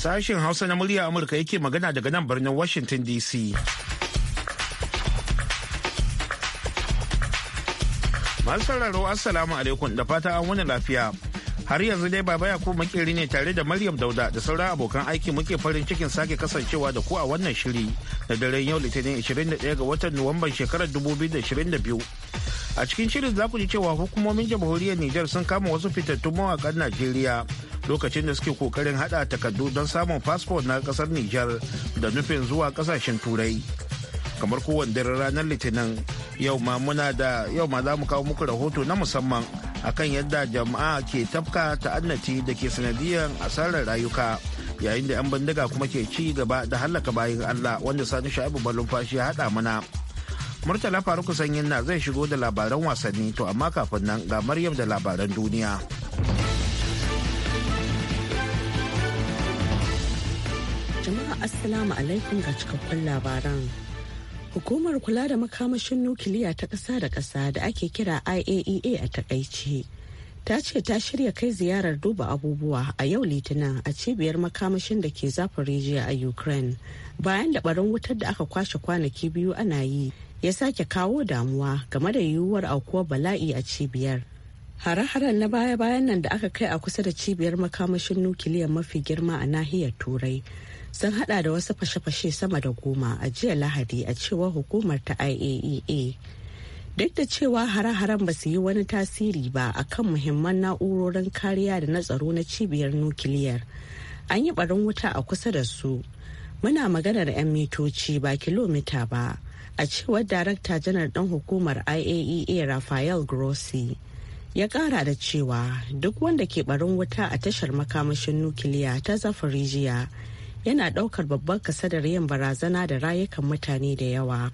Sashen Hausa na murya Amurka yake magana daga nan birnin Washington DC. Masu sauraro Assalamu alaikum da fata an wani lafiya. Har yanzu dai baba ya ko makeri ne tare da Maryam Dauda da sauran abokan aiki muke farin cikin sake kasancewa da ku a wannan shiri da daren yau Litinin 21 ga watan Nuwamban shekarar 2022. A cikin shirin za ku ji cewa hukumomin jamhuriyar Nijar sun kama wasu fitattun mawakan Najeriya lokacin da suke kokarin hada takardu don samun fasfo na kasar Nijar da nufin zuwa kasashen turai. Kamar kowane dare ranar Litinin yau ma muna da yau ma za mu kawo muku rahoto na musamman akan yadda jama'a ke tafka ta'annati da ke sanadiyar asarar rayuka yayin da 'yan bindiga kuma ke ci gaba da hallaka bayan Allah wanda sani sha'ibu fashi ya haɗa mana. Murtala faruk Sanyin na zai shigo da labaran wasanni to amma kafin nan ga Maryam da labaran duniya. assalamu alaikum ga cikakkun labaran. Hukumar kula da makamashin nukiliya ta ƙasa da ƙasa da ake kira IAEA e a takaice. Ta ce ta shirya kai ziyarar duba abubuwa a yau litinin a cibiyar makamashin da ke zafin rijiya a Ukraine bayan da barin wutar da aka kwashe kwanaki biyu ana yi ya sake kawo damuwa game da yiwuwar aukuwar bala'i a cibiyar. Hare-haren na baya-bayan nan da aka kai a kusa da cibiyar makamashin nukiliya mafi girma a nahiyar Turai sun hada da wasu fashe-fashe sama da goma a jiya lahadi a cewa hukumar ta iaea e duk da cewa hare-haren ba su yi wani tasiri ba a kan muhimman na'urorin kariya da na tsaro na cibiyar nukiliyar an yi barin wuta a kusa da su muna maganar 'yan mitoci ba kilomita ba a cewar darakta janar ɗan hukumar iaea e rafael grossi ya kara da cewa duk wanda ke barin wuta a tashar makamashin nukiliya ta zafirijiya yana ɗaukar babbar kasadar yin barazana da rayukan mutane da yawa.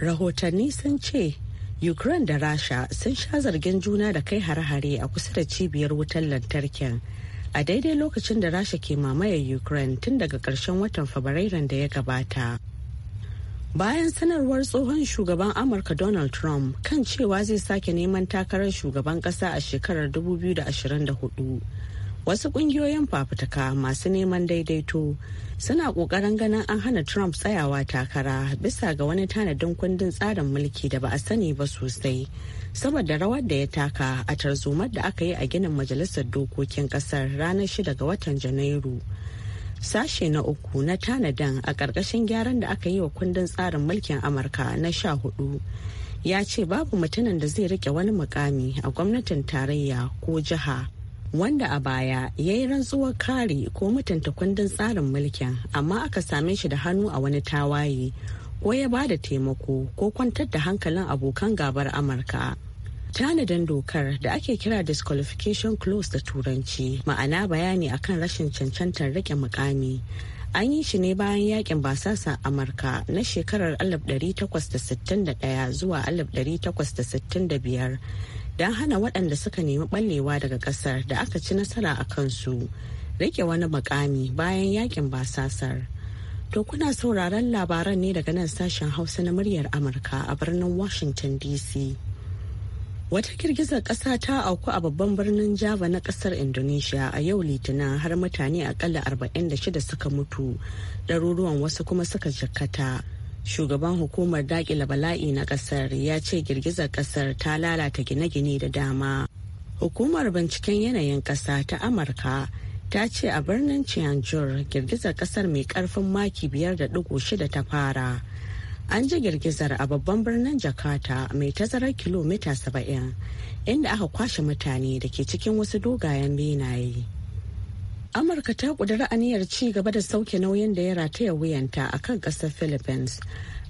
Rahotanni sun ce Ukraine da Rasha sun sha zargin juna da kai hare-hare a kusa da cibiyar wutar lantarkin. A daidai lokacin da Rasha ke mamaye Ukraine tun daga ƙarshen watan Fabrairun da ya gabata. Bayan sanarwar tsohon shugaban Amurka Donald Trump kan cewa zai sake neman takarar shugaban ƙasa a shekarar 2024. wasu kungiyoyin fafutuka masu neman daidaito suna kokarin ganin an hana trump tsayawa takara bisa ga wani tanadin kundin tsarin mulki da ba a sani ba sosai saboda rawar da ya taka a tarzomar da aka yi a ginin majalisar dokokin kasar ranar 6 ga watan janairu sashe na uku na tanadin a ƙarƙashin gyaran da aka yi wa kundin tsarin mulkin amurka na sha hudu ya ce babu mutumin da zai rike wani mukami a gwamnatin tarayya ko jiha wanda a baya ya yi rantsuwar kare ko mutunta kundin tsarin mulkin amma aka same shi da hannu a wani tawaye ko ya ba da taimako ko kwantar da hankalin abokan gabar amurka tanadin dokar da ake kira disqualification clause da turanci ma'ana bayani akan rashin cancantar rike mukami an yi shi ne bayan yakin basasa amurka na shekarar 1861 zuwa 1865 don hana waɗanda suka nemi ɓallewa daga ƙasar da aka ci nasara a kansu rike wani makami bayan yakin basasar. To kuna sauraron labaran ne daga nan sashen Hausa na muryar Amurka a birnin Washington DC. Wata girgizar ƙasa ta auku a babban birnin Java na ƙasar Indonesia a yau Litinin har mutane akalla 46 suka mutu, ɗaruruwan wasu kuma suka jikkata. shugaban hukumar dakila bala'i na kasar ya ce girgizar kasar ta lalata gine-gine da dama hukumar binciken yanayin kasa ta amurka ta ce a birnin cianjur girgizar kasar mai karfin maki biyar da shida ta fara an ji girgizar a babban birnin jakarta mai tazarar kilomita 70 inda aka kwashe mutane da ke cikin wasu dogayen benaye. amurka ta kudura aniyar ci gaba da sauke nauyin da ya rataya wuyanta a kan kasar philippines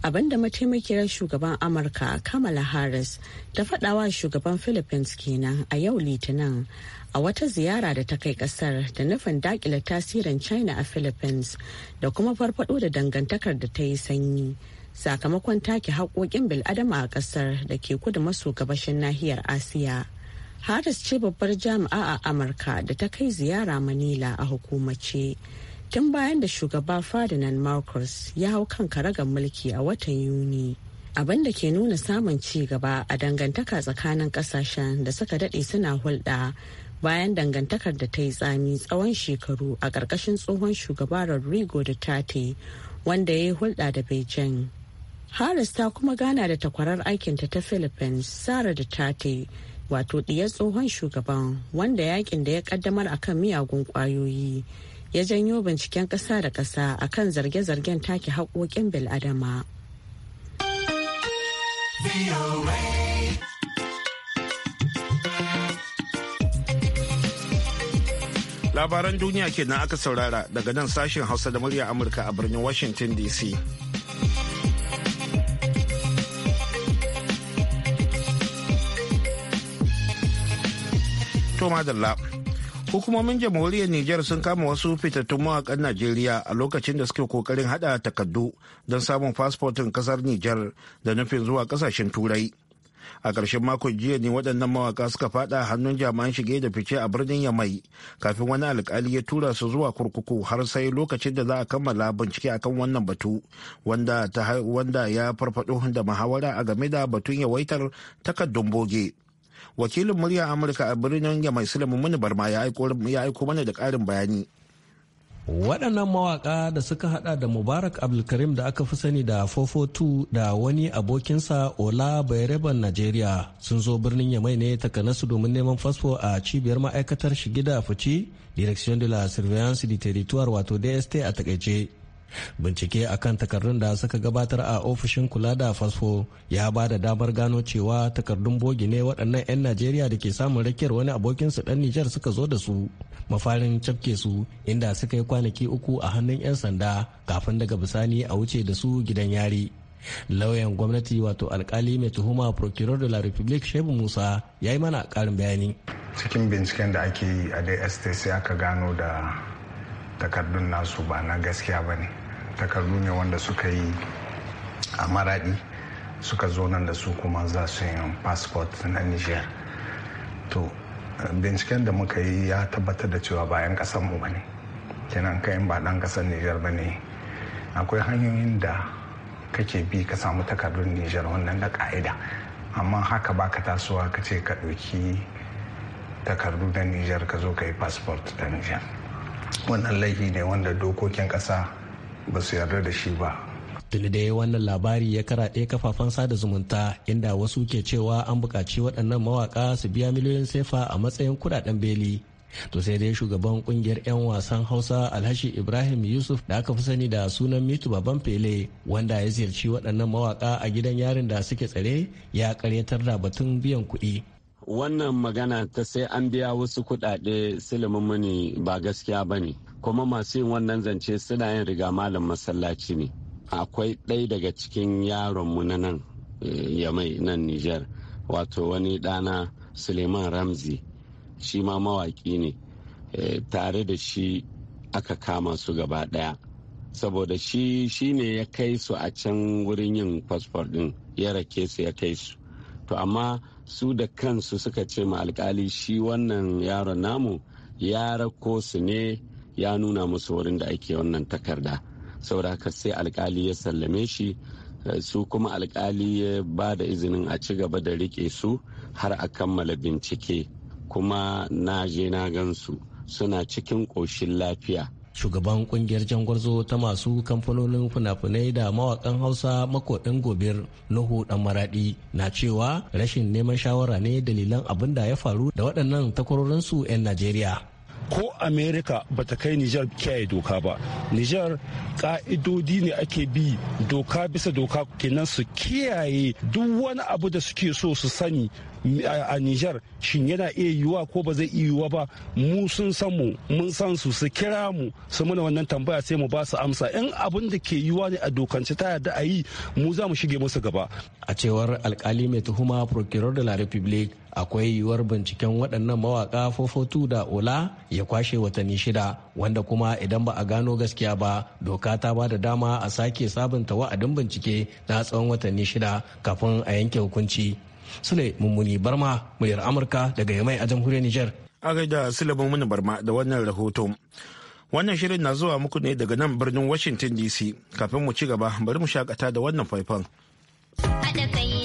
abinda mataimakiyar shugaban amurka kamala harris ta faɗawa shugaban philippines kenan a yau litinin a wata ziyara da ta kai kasar da nufin dakila tasirin china a philippines da kuma farfado da dangantakar da ta yi sanyi sakamakon take haƙoƙin bil'adama a kasar da ke kudu maso gabashin nahiyar asiya Harris ce babbar jami'a a Amurka da ta kai ziyara Manila a hukumace. Tun bayan da shugaba Ferdinand Marcos ya hau kan karagar mulki a watan Yuni. Abin da ke nuna samun ci gaba a dangantaka tsakanin kasashen da suka daɗe suna hulɗa bayan dangantakar da ta yi tsami tsawon shekaru a ƙarƙashin tsohon shugaba Rodrigo tate wanda ya yi hulɗa da Beijing. Harris ta kuma gana da takwarar aikinta ta Philippines, Sara da tate. wato ɗiyar tsohon shugaban wanda yakin da ya kaddamar akan miyagun kwayoyi ya janyo binciken ƙasa da ƙasa akan zarge-zargen take haƙoƙin bil adama. Labaran duniya kenan aka saurara daga nan sashen Hausa da murya Amurka a birnin Washington DC. To madalla. Hukumomin jamhuriyar Nijar sun kama wasu fitattun mawaƙan Najeriya a lokacin da suke kokarin hada takardu don samun fasfotin kasar Nijar da nufin zuwa kasashen Turai. A ƙarshen mako jiya ne waɗannan mawaka suka fada hannun jami'an shige da fice a birnin Yamai kafin wani alƙali ya tura su zuwa kurkuku har sai lokacin da za a kammala bincike akan wannan batu wanda, ya farfaɗo da muhawara a game da batun yawaitar takardun boge. wakilin murya amurka a birnin yamai sulaimu muni barma ya aiko mana da karin bayani waɗannan mawaƙa da suka hada da mubarak abdulkarim da aka fi sani da 442 da wani abokinsa ola bayreban nigeria sun zo birnin yamai ne takanasu domin neman fasfo a cibiyar ma'aikatar shigida gida fice direction de la surveillance du territoire wato dst a takaice bincike a kan takardun da suka gabatar a ofishin kula da fasfo ya ba da damar gano cewa takardun bogi ne waɗannan 'yan najeriya da ke samun rakiyar wani abokinsu ɗan nijar suka zo da su mafarin cafke su inda suka yi kwanaki uku a hannun 'yan sanda kafin daga bisani a wuce da su gidan yari lauyan gwamnati wato alkali mai tuhuma procureur de la republique shebu musa ya yi mana karin bayani cikin binciken da ake yi a dst sai aka gano da takardun nasu ba na gaskiya ba ne takardu ne wanda suka yi a maradi suka zo nan da su kuma za su yi passport na niger to binciken da muka yi ya tabbatar da cewa bayan kasan mu bane kenan kayan ba dan kasan niger bane akwai hanyoyin da kake bi ka samu takardun niger wannan da ka'ida amma haka ba ka tasowa ka ce ka ɗauki takardu na niger ka zo ka yi passport da niger wannan laifi ne wanda dokokin ƙasa ba su yarda da shi ba tuni wannan labari ya karaɗe kafafen sada zumunta inda wasu ke cewa an buƙaci waɗannan mawaƙa su biya miliyoyin sefa a matsayin kuɗaɗen beli to sai dai shugaban ƙungiyar 'yan wasan hausa alhashi ibrahim yusuf da aka fi sani da sunan mitu baban fele wanda ya ziyarci waɗannan mawaƙa a gidan yarin da suke tsare ya karyatar da batun biyan kuɗi wannan magana ta sai an biya wasu kuɗaɗe silimin muni ba gaskiya ba ne kuma masu yin wannan zance suna yin riga malam masallaci ne akwai ɗaya daga cikin yaronmu na nan eh, ya mai nan niger wato wani ɗana suleiman ramzi shi ma mawaƙi ne eh, tare da shi aka kama su gaba ɗaya saboda shi shi ne ya kai su a can wurin yin fasfor ɗin ya rake su ya kai su to amma su da kansu suka ce ma alkali shi wannan yaron namu ya rako su ne ya nuna musu wurin da ake wannan takarda saboda haka sai alkali ya sallame shi eh, su kuma alkali ya ba da izinin a ci gaba da rike su har a kammala bincike kuma na je na gansu suna cikin ƙoshin lafiya shugaban kungiyar jangwarzo ta masu kamfanonin fina-finai da mawakan hausa makoɗin gobir nuhu dan maradi na cewa rashin neman shawara ne dalilan abin da ya faru da waɗannan takwarorinsu 'yan najeriya ko Amerika ba ta kai nijar kiyaye doka ba nijar ka'idodi ne ake bi doka bisa doka kenan su kiyaye duk wani abu da suke so su sani a Nijar shin yana iya yiwuwa ko ba zai iya yiwuwa ba mu sun san mu mun san su su kira mu su muna wannan tambaya sai mu ba su amsa in abin da ke yiwuwa ne a dokance ta yadda a yi mu za mu shige musu gaba a cewar alkali mai tuhuma procureur de la republique akwai yiwuwar binciken waɗannan mawaƙa fofotu da ola ya kwashe watanni shida wanda kuma idan ba a gano gaskiya ba doka ta ba da dama a sake sabunta wa'adin bincike na tsawon watanni shida kafin a yanke hukunci Sule Mummuni Barma muryar Amurka daga Yamai a jamhuriyar niger. A gaida Sule Mummuni Barma da wannan rahoto Wannan shirin na zuwa muku ne daga nan birnin Washington DC. Kafin mu ci gaba bari mu shakata da wannan faifan. Hada kai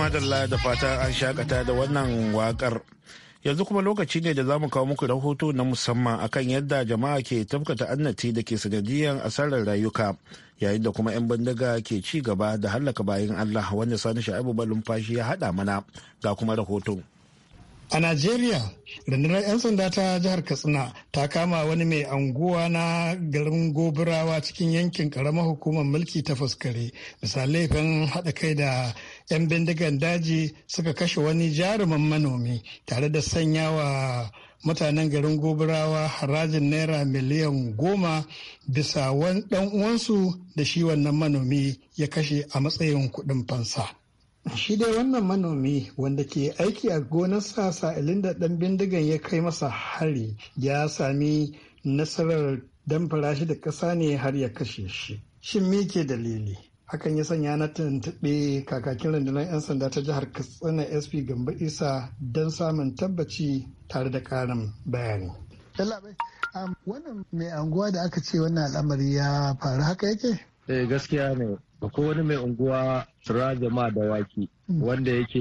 madalla da fata an shakata da wannan wakar. Yanzu kuma lokaci ne da za mu kawo muku rahoto na musamman akan yadda jama'a ke tafkata annati da ke sanadiyar asarar rayuka yayin da kuma 'yan bandaga ke ci gaba da hallaka bayan Allah wanda sani sha'ibu balumfashi ya haɗa mana ga kuma rahoton. A Najeriya, rundunar 'yan sanda ta jihar Katsina ta kama wani mai anguwa na garin Gobirawa cikin yankin karamar hukumar mulki ta fuskare. misali laifin haɗa kai da 'yan bindigan daji suka kashe wani jaruman manomi tare da sanya wa mutanen garin Gobirawa harajin naira miliyan goma bisa wani uwansu da shi wannan manomi ya kashe a matsayin kuɗin fansa. Shi dai wannan manomi wanda ke aiki a gonar sa ilinda da ɗan bindigan ya kai masa hari ya sami nasarar damfara shi da ƙasa ne har ya kashe shi. Shin me ke dalili? Hakan ya sanya na tuntuɓe kakakin rundunar 'yan sanda ta jihar Katsina SP Gambo Isa don samun tabbaci tare da ƙarin bayani. wannan mai anguwa da aka ce wannan al'amari ya faru haka yake? Eh gaskiya ne akwai wani mai unguwa jama da waki mm. wanda yake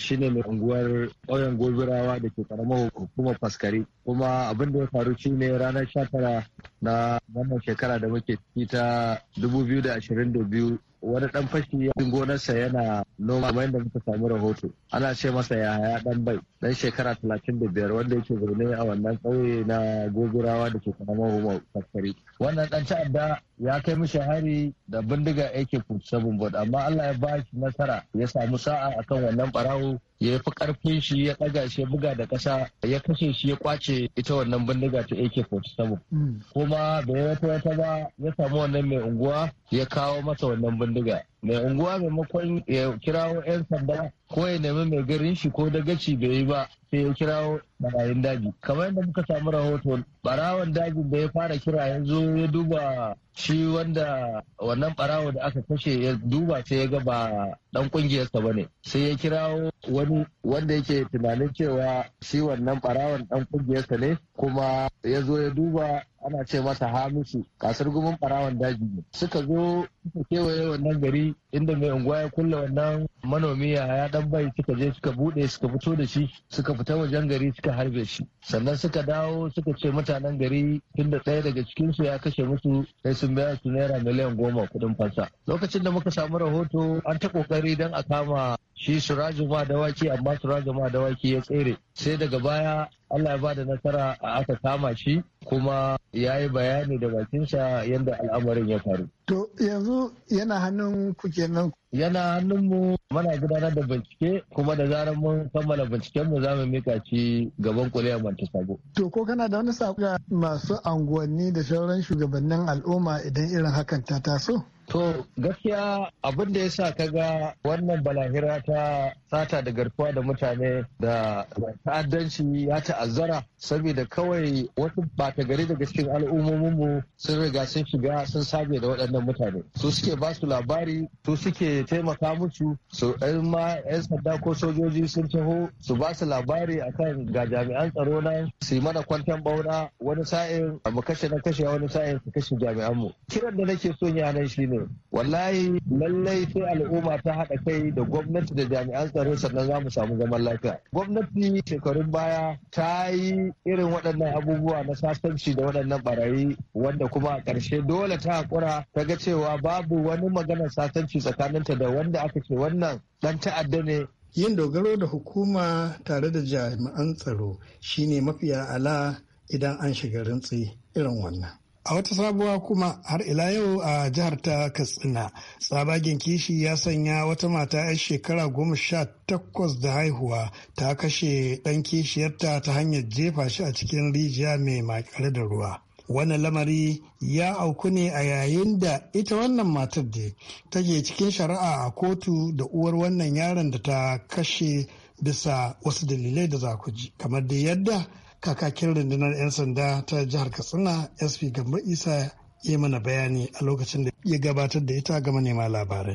shi ne mai unguwar ƙauyen gobirawa da ke karamar hukumar faskari kuma abin da ya faru shi ne ranar 19 na wannan shekara da muke ciki ta 2022 wani dan fashi ya gonarsa yana noma kamar da muka samu rahoto ana ce masa ya haya dan bai dan shekara 35 wanda yake zaune a wannan ƙauye na gobirawa da ke karamar hukumar faskari wannan dan ta'adda ya kai mishi hari da bindiga yake sabon bod amma Allah ya ba shi nasara ya samu sa'a akan wannan barawo ya fi karfin shi ya daga shi ya buga da kasa ya kashe shi ya kwace ita wannan bindiga ta AK47 hmm. kuma da ya wata wata ba ya samu wannan mai unguwa ya kawo masa wannan bindiga mai unguwa maimakon ya kirawo 'yan sanda ko ya nemi mai garin shi ko dagaci bai yi ba sai ya kirawo barayin daji kamar yadda muka samu rahoton barawan dajin da ya fara kira yanzu ya duba shi wanda wannan barawo da aka kashe ya duba sai ya ga ba dan kungiyarsa bane sai ya kirawo wani wanda yake tunanin cewa shi wannan barawon dan kungiyarsa ne kuma ya zo ya duba ana ce masa hamisu kasar gumin barawon daji ne suka zo suka kewaye wannan gari inda mai unguwa ya kulle wannan manomi ya dan bai suka je suka bude suka fito da shi suka fita wajen gari suka harbe shi sannan suka dawo suka ce mutanen gari tunda ɗaya daga cikinsu ya kashe musu sai sun biya su naira miliyan goma kudin fansa lokacin da muka samu rahoto an ta kokari don a kama shi raju ma dawaki amma raju ma dawaki ya tsere sai daga baya allah ya bada nasara a aka kama shi kuma ya yi bayani da bakinsa yadda al'amarin ya faru to yanzu yana hannun ku kenan yana hannun mu mana gudanar da bincike kuma da zarar mun kammala binciken mu za mu mika ci gaban kuliyar sabo. To ko kana da wani sako masu anguwanni da sauran shugabannin al'umma idan irin hakan ta taso? To gaskiya abin da ya sa ka ga wannan balahira ta sata da garkuwa da mutane da ta'addanci ya ta'azzara saboda kawai wasu bata gari daga cikin al'ummominmu sun riga sun shiga sun sabe da waɗannan mutane. Su suke ba su labari, su suke taimaka musu, su ɗan ma 'yan sanda ko sojoji sun taho su ba su labari akan ga jami'an tsaro nan su yi mana kwantan bauna wani sa'in mu kashe na kashe wani sa'in su kashe jami'anmu. Kiran da nake so yana shi ne ne wallahi lallai sai al'umma ta haɗa kai da gwamnati da jami'an tsaro sannan za mu samu zaman lafiya gwamnati shekarun baya ta yi irin waɗannan abubuwa na sasanci da waɗannan barayi wanda kuma a ƙarshe dole ta haƙura ta ga cewa babu wani maganar sasanci tsakaninta da wanda aka ce wannan ɗan ta'adda ne yin dogaro da hukuma tare da jami'an tsaro shine mafiya ala idan an shiga rintsi irin wannan A wata sabuwa kuma har ila yau a jihar ta Katsina, tsabagen kishi ya sanya wata mata 'yar shekara goma sha takwas da haihuwa ta kashe ɗan kishiyarta ta hanyar jefa shi a cikin rijiya mai makare da ruwa. Wannan lamari ya auku ne a yayin da ita wannan matar da take cikin shari'a a kotu da uwar wannan yaron da ta kashe bisa wasu dalilai da za ku ji. Kamar da yadda kakakin rundunar 'yan sanda ta jihar katsina sp gambo isa ya mana bayani a lokacin da ya gabatar da ita ga manema labarai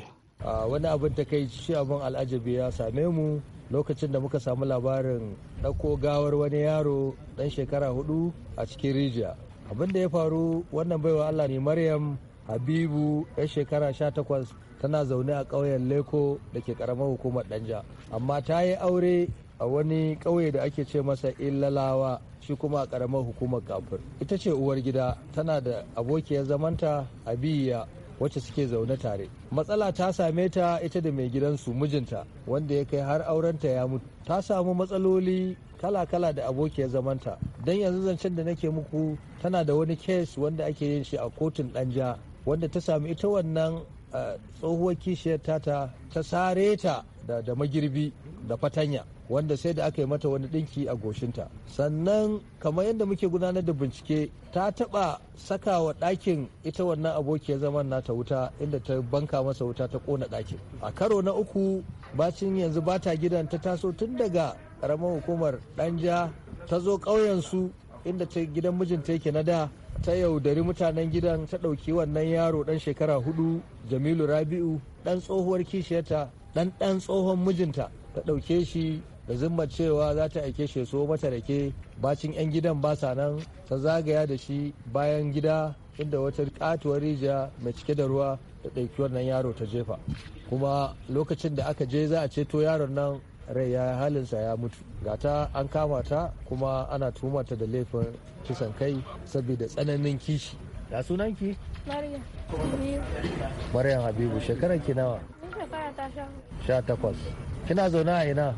wani abin ta kai shi abin al'ajabi ya same mu lokacin da muka samu labarin ɗauko gawar wani yaro ɗan shekara hudu a cikin rijiya abin da ya faru wannan baiwa allah ne maryam habibu ya shekara sha takwas. tana zaune a ƙauyen leko da ke ƙaramar hukumar danja amma ta yi aure a wani ƙauye da ake ce masa illalawa shi kuma a ƙaramar hukumar kafir ita ce uwar gida tana da abokiyar zamanta abiya wacce suke zaune tare matsala ta same ta ita da mai gidansu mijinta wanda ya kai har aurenta ya mutu ta samu matsaloli kala-kala da abokiyar zamanta don yanzu zancen da nake muku tana da wani kes wanda ake yin shi a kotun danja wanda ta sami ita wannan eh, tsohuwar kishiyar tata ta sare ta da da magirbi da fatanya wanda sai da aka yi mata wani ɗinki a goshinta sannan kamar yadda muke gudanar da bincike ta taɓa saka wa ɗakin ita wannan abokiyar zaman nata wuta inda ta banka masa wuta ta kona ɗakin a karo na uku bacin yanzu ba ta gidan ta taso tun daga ƙaramin hukumar ɗanja ta zo ƙauyensu inda ta gidan mijinta yake na da ta yaudari mutanen gidan ta ɗauki wannan yaro ɗan shekara hudu jamilu rabi'u ɗan tsohuwar kishiyarta ɗan ɗan tsohon mijinta ta ɗauke shi da zimma cewa za ta aike shi so mata rake bacin 'yan gidan ba sa nan ta zagaya da shi bayan gida inda wata katuwar rijiya mai cike da ruwa da ɗauki wannan yaro ta jefa kuma lokacin da aka je za a ceto yaron nan rai ya halinsa ya mutu ga ta an kama ta kuma ana tumata da laifin kisan kai saboda tsananin kishi ya sunanki? Maryam. Habibu shekarar ki nawa? shekara ta sha sha takwas kina zaune a ina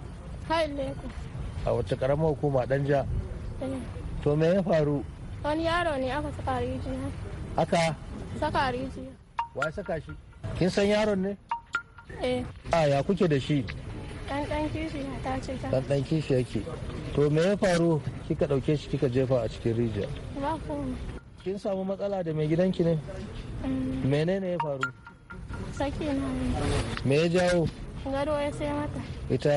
hayin a wata karamar hukuma danja eh. to me ya faru wani yaro ne aka saka rijiya aka saka rijiya wa saka shi kin san yaron ne eh a ya kuke da shi dan dan kishi ta ce ta dan dan kishi yake to me ya faru kika dauke shi kika jefa a cikin rijiya ba ku. kin samu matsala da mai gidanki ne mm. menene ya faru sake na me ya jawo gado ya sai mata ita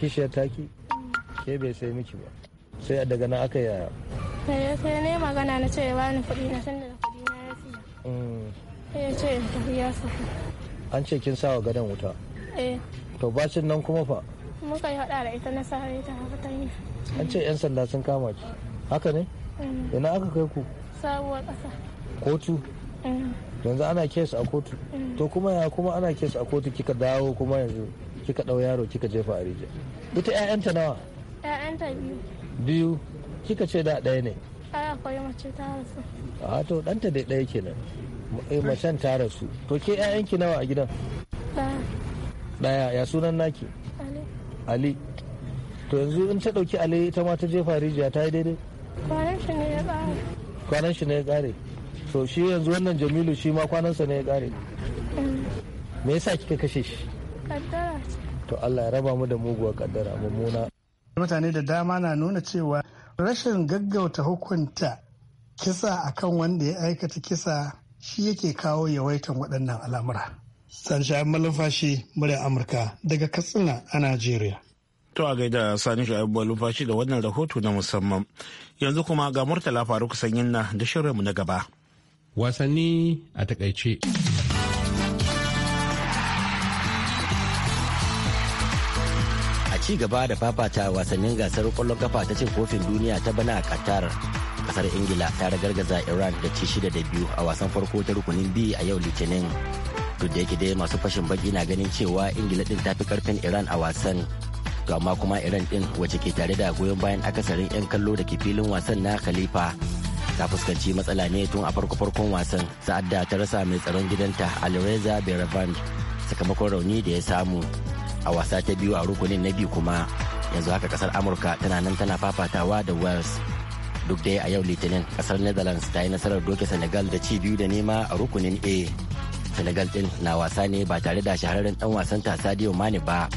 kishiyar taki ke bai sai miki ba sai daga na aka yaya sai sai ne magana na ce ya bani kuɗi na san da kuɗi na ya siya mm. ya ce tafi ya saka an ce kin sawa gadon wuta eh to bacin nan kuma fa muka yi hada da ita na sare ta haka ta yi an ce yan sanda sun kama ki haka ne mm. ina aka kai ku sabuwar ƙasa kotu mm. yanzu ana kes a kotu to kuma ya kuma ana kes a kotu kika dawo kuma yanzu kika dau yaro kika jefa a rijiya ita 'ya'yanta nawa 'ya'yanta biyu biyu kika ce da ɗaya ne a akwai mace ta rasu a to ɗanta dai ɗaya kenan eh, macen ta rasu to ke 'ya'yanki nawa a gidan ɗaya ya sunan naki ali to yanzu in ta ɗauki ali ita ma ta jefa rijiya ta yi daidai kwanan shi ne ya ƙare kwanan shi ne ya ƙare so shi yanzu wannan jamilu shi ma kwanansa ne ya kare me yasa kika kashe shi to Allah ya raba mu da muguwar kaddara mummuna mutane da dama na nuna cewa rashin gaggauta hukunta kisa akan wanda ya aikata kisa shi yake kawo yawaitan waɗannan al'amura sani sha'ib malumfashi murya amurka daga katsina a najeriya To a gaida sani sha'ib malumfashi da wannan rahoto na musamman yanzu kuma ga murtala faruk sanyin na da shirinmu na gaba. wasanni a takaice. ci gaba da fafata wasannin gasar kwallon kafa ta cin kofin duniya ta bana a Qatar. Kasar Ingila ta ragargaza Iran da ci shida da biyu a wasan farko ta rukunin B a yau Litinin. Duk da yake dai masu fashin baki na ganin cewa Ingila din ta fi karfin Iran a wasan. To amma kuma Iran din wacce ke tare da goyon bayan akasarin 'yan kallo da ke filin wasan na Khalifa ta fuskanci matsala ne tun a farko-farkon wasan sa'ad da ta rasa mai tsaron gidanta alreza berevand sakamakon rauni da ya samu a wasa ta biyu a rukunin na biyu kuma yanzu haka kasar amurka tana nan tana fafatawa da wales duk dai a yau litinin kasar netherlands ta yi nasarar doke senegal da ci biyu da nema a rukunin a senegal din na wasa ne ba tare da shahararren dan wasan ta sadio mani ba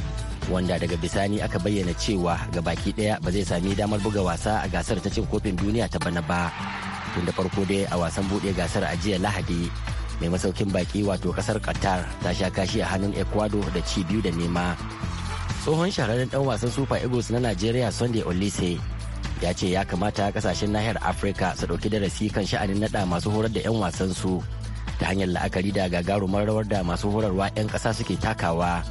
wanda daga bisani aka bayyana cewa ga baki daya ba zai sami damar buga wasa a gasar ta cin kofin duniya ta bana ba tun da farko dai a wasan bude gasar a jiya lahadi mai masaukin baki wato kasar qatar ta sha kashi a hannun ecuador da ci biyu da nema tsohon shahararren dan wasan super eagles na nigeria sunday olise ya ce ya kamata kasashen nahiyar afirka su dauki darasi kan sha'anin naɗa masu horar da 'yan wasan su ta hanyar la'akari da gagarumar rawar da masu horarwa 'yan kasa suke takawa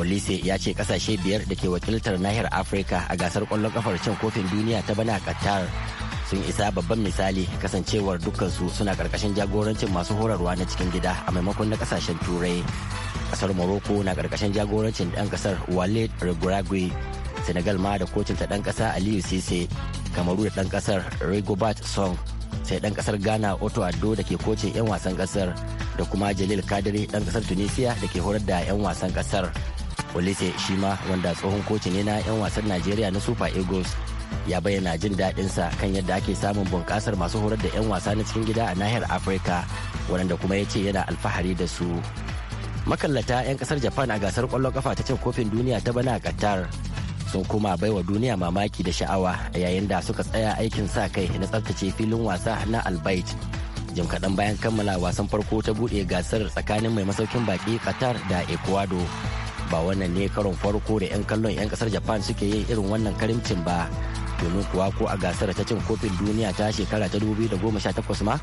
olise ya ce kasashe biyar da ke wakiltar nahiyar afirka a gasar kwallon kafar cin kofin duniya ta bana qatar sun isa babban misali kasancewar dukkansu suna karkashin jagorancin masu horarwa na cikin gida a maimakon na kasashen turai kasar morocco na karkashin jagorancin dan kasar walid regragui senegal ma da kocin ta dan kasa aliyu sise kamaru da dan kasar rigobert song sai dan kasar ghana otto addo da ke kocin 'yan wasan kasar da kuma jalil kadiri dan kasar tunisia da ke horar da 'yan wasan kasar olise shima wanda tsohon kocin ne na 'yan wasan najeriya na super eagles ya bayyana jin daɗin sa kan yadda ake samun bunƙasar masu horar da 'yan wasa na cikin gida a nahiyar afirka wadanda kuma ya ce yana alfahari da su makallata 'yan ƙasar japan a gasar ƙwallon kafa ta cin kofin duniya ta bana a qatar sun kuma baiwa duniya mamaki da sha'awa a yayin da suka tsaya aikin sa kai na tsaftace filin wasa na albait jim kaɗan bayan kammala wasan farko ta buɗe gasar tsakanin mai masaukin baƙi qatar da ecuador ba wannan ne karon farko da 'yan kallon 'yan kasar japan suke yin irin wannan karimcin ba domin kuwa ko a gasar ta cin kofin duniya ta shekara ta 2018 ma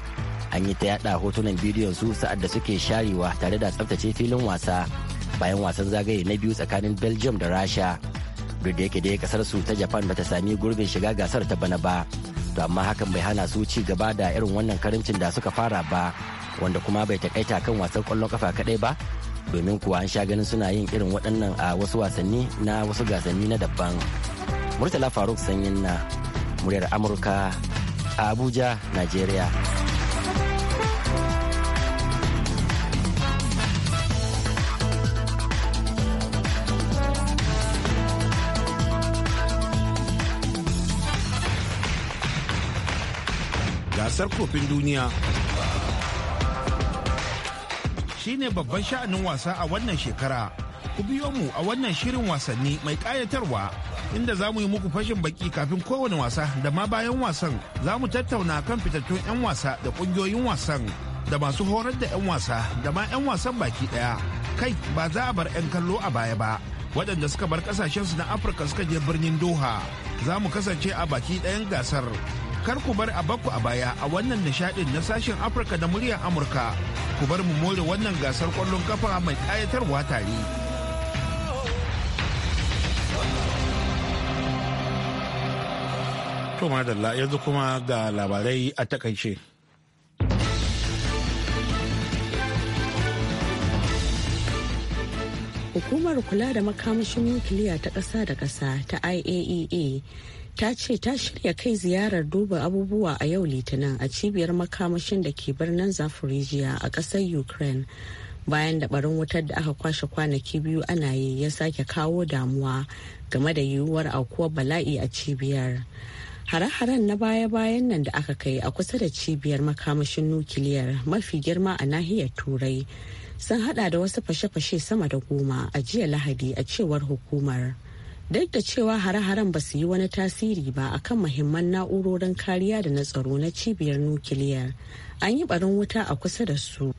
an yi ta yada hotunan bidiyon su sa'ad da suke sharewa tare da tsaftace filin wasa bayan wasan zagaye na biyu tsakanin belgium da rasha duk da yake dai kasar su ta japan bata sami gurbin shiga gasar ta bana ba to amma hakan bai hana su ci gaba da irin wannan karimcin da suka fara ba wanda kuma bai takaita kan wasan kwallon kafa kadai ba domin kuwa an sha ganin suna yin irin waɗannan a wasu wasanni na wasu gasanni na daban murtala faruk sanyin na muryar amurka a abuja Najeriya. gasar kofin duniya ne babban sha'anin wasa a wannan shekara. Ku biyo mu a wannan shirin wasanni mai ƙayatarwa inda za mu yi muku fashin baki kafin kowane wasa da ma bayan wasan za mu tattauna kan fitattun 'yan wasa da ƙungiyoyin wasan da masu horar da 'yan wasa da ma 'yan wasan baki ɗaya. Kai ba za a bar 'yan kallo a baya ba. waɗanda suka bar su na afirka suka je birnin doha za mu kasance a baki ɗayan gasar kar ku bar a bakku a baya a wannan nishaɗin na sashen afirka da muryar amurka ku bar mu more wannan gasar kwallon kafa mai ƙayatarwa tare. To madalla yanzu kuma ga labarai a takaice. Hukumar kula da makamashin nukiliya ta ƙasa da ƙasa ta IAEA e ta ce ta shirya kai ziyarar duba abubuwa a yau litinin a cibiyar makamashin da ke birnin zafirijiya a ƙasar ukraine bayan da barin wutar da aka kwashe kwanaki biyu ana yi ya sake kawo damuwa game da yiwuwar aukuwa bala'i a cibiyar hare-haren na baya-bayan nan da aka kai a kusa da cibiyar makamashin nukiliyar mafi girma a nahiyar turai sun hada da wasu fashe-fashe sama da goma a jiya lahadi a cewar hukumar. duk da cewa hare-haren ba su yi wani tasiri ba a kan mahimman na'urorin kariya da na tsaro na cibiyar nukiliyar an yi barin wuta a kusa da su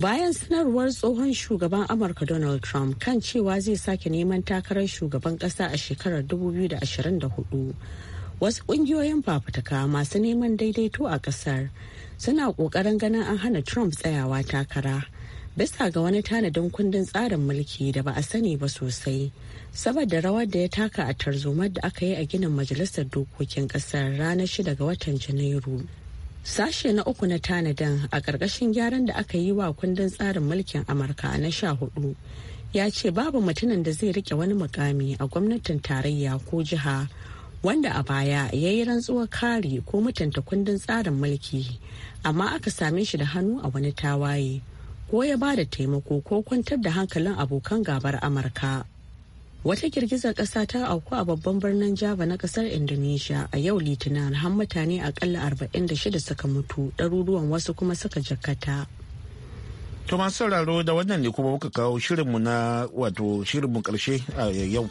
bayan sanarwar tsohon shugaban amurka donald trump kan cewa zai sake neman takarar shugaban kasa a shekarar 2024 wasu kungiyoyin fafutuka masu neman daidaito a kasar suna kokarin ganin an hana trump tsayawa takara bisa ga wani tanadin kundin tsarin mulki da ba a sani ba sosai saboda rawar da ya taka a tarzomar da aka yi a ginin majalisar dokokin kasar ranar shida ga watan janairu sashe na uku na tanadin a ƙarƙashin gyaran da aka yi wa kundin tsarin mulkin amurka na sha hudu ya ce babu mutumin da zai rike wani mukami a gwamnatin tarayya ko jiha wanda a baya ya yi rantsuwar kare ko mutunta kundin tsarin mulki amma aka same shi da hannu a wani tawaye ko ya ba da taimako ko kwantar da hankalin abokan gabar amurka wata girgizar ƙasa ta auku a babban birnin java na ƙasar indonesia a yau litinin har mutane akalla 46 suka mutu ɗaruruwan wasu kuma suka jakata to masu sauraro da wannan ne kuma muka kawo shirinmu na wato shirinmu ƙarshe a yau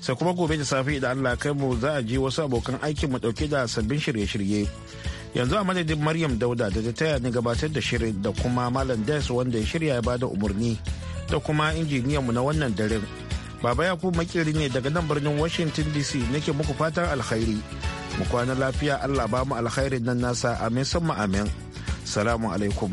sai kuma gobe da safe idan allah kai mu za a je wasu abokan aikin mu ɗauke da sabbin shirye-shirye yanzu a madadin maryam dauda da ta taya ni gabatar da shirin da kuma malam des wanda ya shirya ya bada umarni da kuma injiniyanmu na wannan daren baba ya makiri ne daga nan birnin washington dc nake muku fatan alkhairi mu kwana lafiya allah ba mu alkhairin nan nasa amin sama amin salamu alaikum